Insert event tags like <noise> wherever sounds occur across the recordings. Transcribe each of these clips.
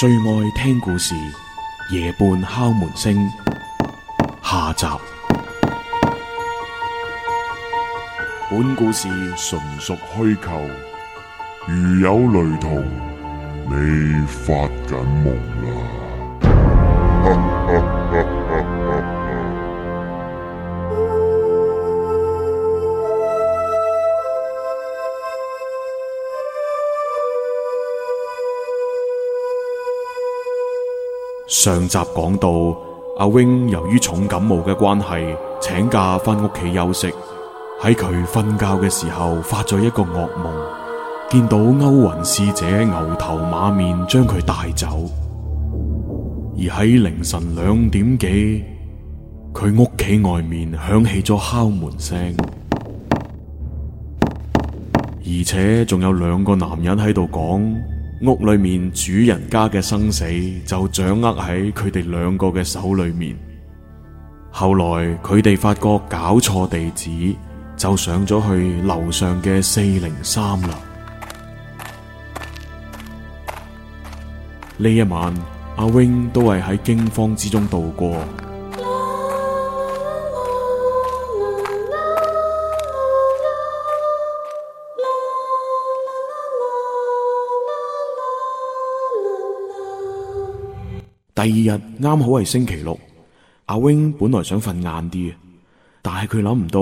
最愛聽故事，夜半敲門聲。下集。本故事純屬虛構，如有雷同，你發緊夢啦。上集講到阿 wing 由於重感冒嘅關係，請假翻屋企休息。喺佢瞓覺嘅時候，發咗一個惡夢，見到勾魂使者牛頭馬面將佢帶走。而喺凌晨兩點幾，佢屋企外面響起咗敲門聲，而且仲有兩個男人喺度講。屋裏面主人家嘅生死就掌握喺佢哋兩個嘅手裏面。後來佢哋發覺搞錯地址，就上咗去樓上嘅四零三啦。呢一晚，阿 wing 都係喺驚慌之中度過。第二日啱好係星期六，阿 wing 本來想瞓晏啲，但係佢諗唔到，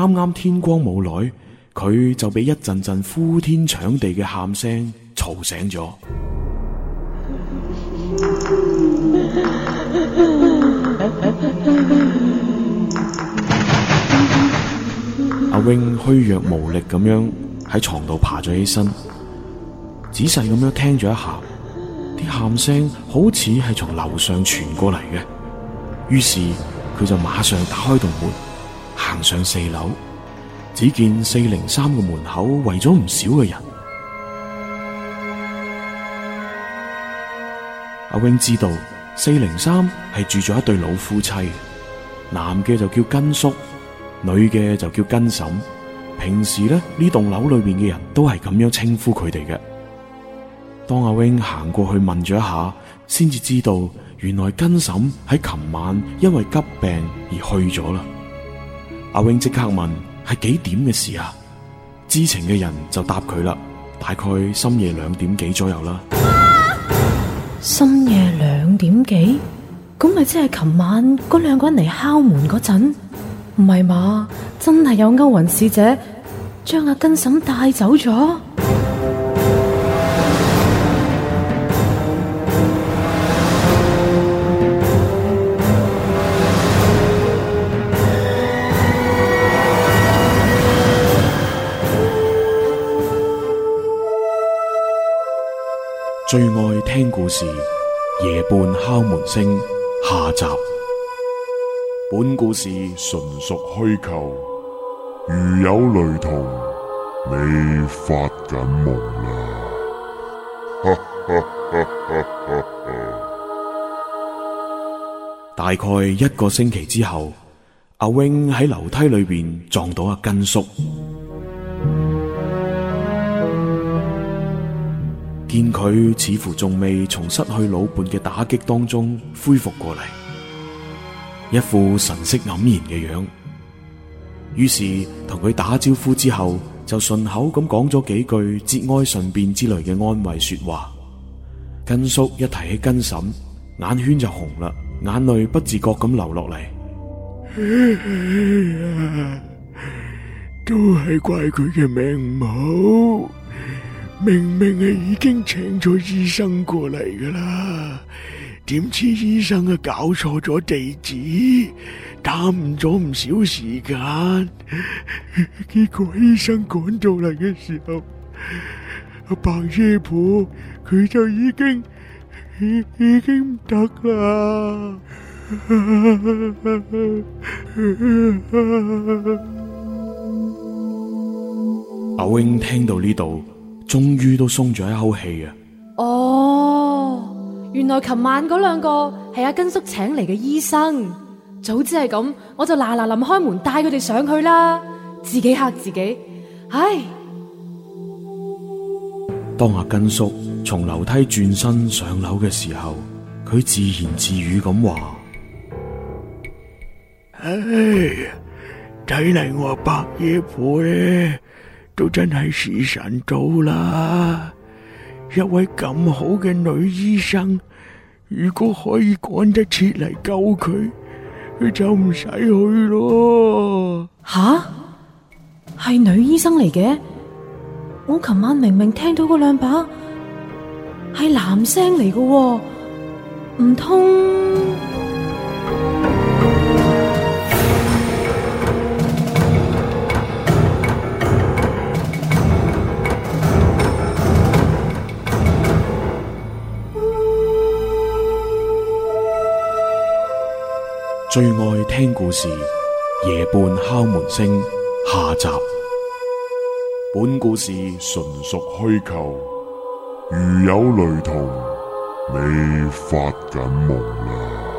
啱啱天光冇耐，佢就俾一陣陣呼天搶地嘅喊聲吵醒咗。 <noise> 阿 wing 虛弱無力咁樣喺床度爬咗起身，仔細咁樣聽咗一下。啲喊聲好似係從樓上傳過嚟嘅，於是佢就馬上打開棟門，行上四樓。只見四零三個門口圍咗唔少嘅人。阿 Wing 知道四零三係住咗一對老夫妻，男嘅就叫根叔，女嘅就叫根嬸。平時咧，呢棟樓裏面嘅人都係咁樣稱呼佢哋嘅。幫阿 wing 行過去問咗一下，先至知道原來根嬸喺琴晚因為急病而去咗啦。阿 wing 即刻問係幾點嘅事啊？知情嘅人就答佢啦，大概深夜兩點幾左右啦。深夜兩點幾？咁咪即係琴晚嗰兩個人嚟敲門嗰陣，唔係嘛？真係有勾魂使者將阿根嬸帶走咗。最愛聽故事，夜半敲門聲。下集。本故事純屬虛構，如有雷同，你發緊夢啦！哈哈哈哈。大概一個星期之後，阿 wing 喺樓梯裏面撞到阿根叔。見佢似乎仲未從失去老伴嘅打擊當中恢復過嚟，一副神色黯然嘅樣，於是同佢打招呼之後，就順口咁講咗幾句節哀順變之類嘅安慰說話。根叔一提起根嬸，眼圈就紅啦，眼淚不自覺咁流落嚟。哎，都係怪佢嘅命唔好。明明係已經請咗醫生過嚟噶啦，點知醫生啊，搞錯咗地址，耽誤咗唔少時間，結果醫生趕到嚟嘅時候，阿白爺婆佢就已經已已經唔得啦。阿 wing、啊啊啊啊，聽到呢度，終於都鬆咗一口氣啊！哦，原來琴晚嗰兩個係阿根叔請嚟嘅醫生，早知係咁，我就嗱嗱臨開門帶佢哋上去啦，自己嚇自己。唉，當阿根叔從樓梯轉身上樓嘅時候，佢自言自語咁話：，唉、哎，睇嚟我伯爺婆咧。都真係時辰到啦！一位咁好嘅女醫生，如果可以趕得切嚟救佢，佢就唔使去咯。吓？係女醫生嚟嘅？我琴晚明明聽到嗰兩把係男聲嚟嘅，唔通？最愛聽故事，夜半敲門聲。下集。本故事純屬虛構，如有雷同，你發緊夢啦！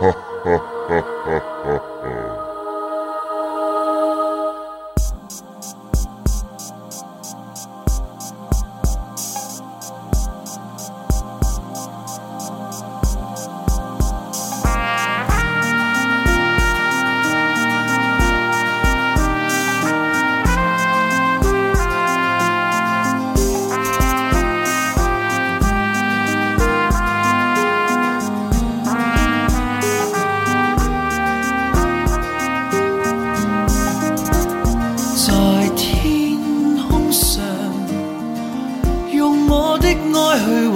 哈哈哈哈